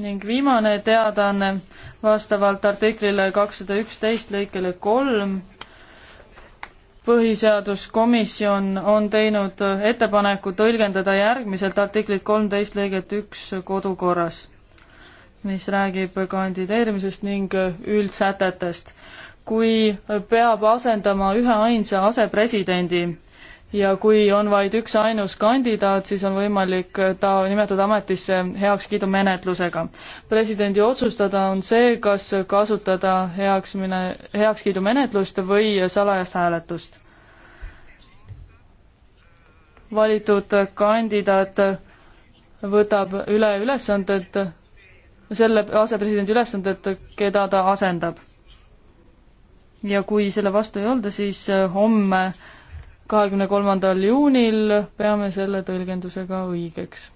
ning viimane teadaanne vastavalt artiklile kakssada üksteist lõikele kolm põhiseaduskomisjon on teinud ettepaneku tõlgendada järgmiselt artiklit kolmteist lõiget üks kodukorras, mis räägib kandideerimisest ning üldsätetest. kui peab asendama üheainsa asepresidendi ja kui on vaid üksainus kandidaat, siis on võimalik ta nimetada ametisse heakskiidumenetlusega. presidendi otsustada on see, kas kasutada heaks mine, heakskiidumenetlust või salajast hääletust. valitud kandidaat võtab üle ülesanded, selle asepresidendi ülesanded, keda ta asendab. ja kui selle vastu ei olda, siis homme kahekümne kolmandal juunil peame selle tõlgendusega õigeks